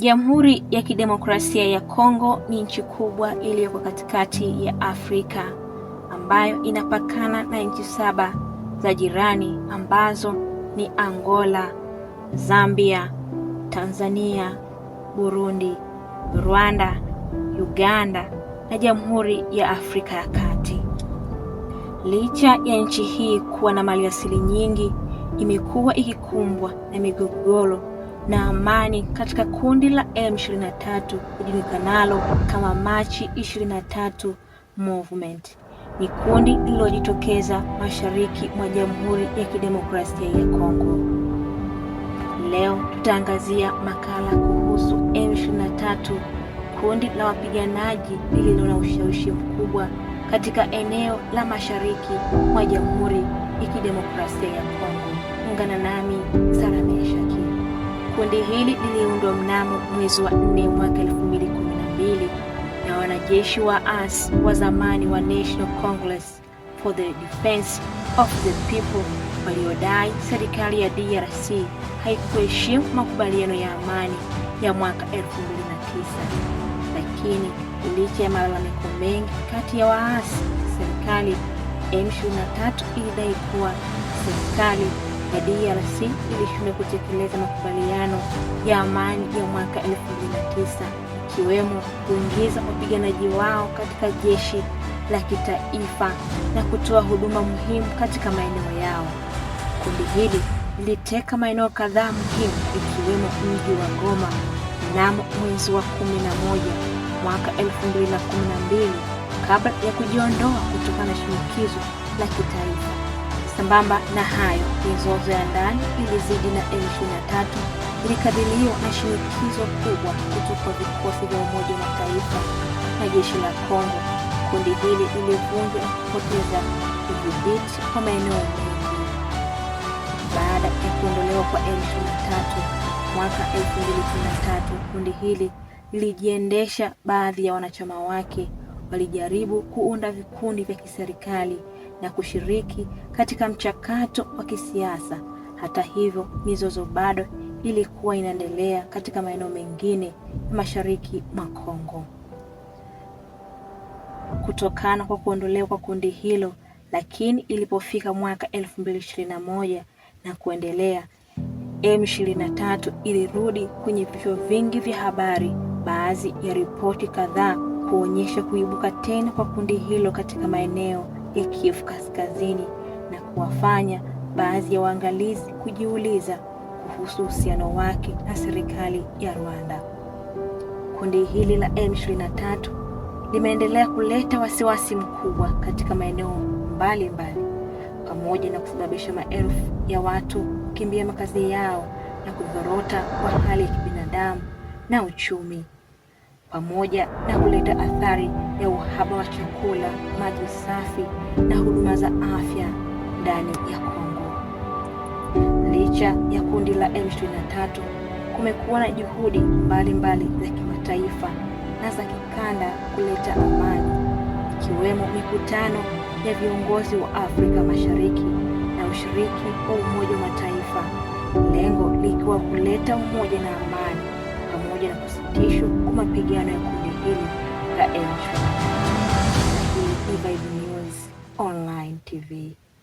Jamhuri ya Kidemokrasia ya Kongo ni nchi kubwa iliyoko katikati ya Afrika ambayo inapakana na nchi saba za jirani ambazo ni Angola, Zambia, Tanzania, Burundi, Rwanda, Uganda na Jamhuri ya Afrika ya Kati. Licha ya nchi hii kuwa na maliasili nyingi, imekuwa ikikumbwa na migogoro na amani katika kundi la M23 lijulikanalo kama Machi 23 Movement. Ni kundi lililojitokeza mashariki mwa Jamhuri ya Kidemokrasia ya Kongo. Leo tutaangazia makala kuhusu M23, kundi la wapiganaji lililo na ushawishi mkubwa katika eneo la mashariki mwa Jamhuri ya Kidemokrasia ya Kongo. Ungana nami Sara Kundi hili liliundwa mnamo mwezi wa 4 mwaka 2012 na wanajeshi AS wa zamani wa National Congress for the Defense of the People waliodai serikali ya DRC haikuheshimu makubaliano ya amani ya mwaka 2009. Lakini licha ya malalamiko mengi kati ya waasi, serikali M23 ilidai kuwa serikali ya DRC ilishindwa kutekeleza makubaliano ya amani ya mwaka 2009 ikiwemo kuingiza wapiganaji wao katika jeshi la kitaifa na kutoa huduma muhimu katika maeneo yao. Kundi hili liliteka maeneo kadhaa muhimu ikiwemo mji wa Goma mnamo mwezi wa 11 mwaka 2012 kabla ya kujiondoa kutokana na shinikizo la kitaifa. Sambamba na hayo, mizozo ya ndani ilizidi na M23 ilikabiliwa na shinikizo kubwa kutoka kwa vikosi vya Umoja wa Mataifa na jeshi la Kongo. Kundi hili lilivunjwa kupoteza udhibiti kwa maeneo mengi. Baada ya kuondolewa kwa M23 mwaka 2013, kundi hili lilijiendesha. Baadhi ya wanachama wake walijaribu kuunda vikundi vya kiserikali na kushiriki katika mchakato wa kisiasa. Hata hivyo, mizozo bado ilikuwa inaendelea katika maeneo mengine ya mashariki mwa Kongo. Kutokana kwa kuondolewa kwa kundi hilo, lakini ilipofika mwaka 2021 na kuendelea, M23 ilirudi kwenye vichwa vingi vya habari, baadhi ya ripoti kadhaa kuonyesha kuibuka tena kwa kundi hilo katika maeneo ya Kivu Kaskazini na kuwafanya baadhi ya waangalizi kujiuliza kuhusu uhusiano wake na serikali ya Rwanda. Kundi hili la M23 limeendelea kuleta wasiwasi mkubwa katika maeneo mbalimbali, pamoja na kusababisha maelfu ya watu kukimbia makazi yao na kudhorota kwa hali ya kibinadamu na uchumi pamoja na kuleta athari ya uhaba wa chakula, maji safi na huduma za afya ndani ya Kongo. Licha ya kundi la M23, kumekuwa na juhudi mbalimbali za kimataifa na za kikanda kuleta amani, ikiwemo mikutano ya viongozi wa Afrika Mashariki na ushiriki wa Umoja wa Mataifa, lengo likiwa kuleta umoja na amani pamoja na kusitishwa tangu mapigano ya kundi hili la Lakini Eva News Online TV.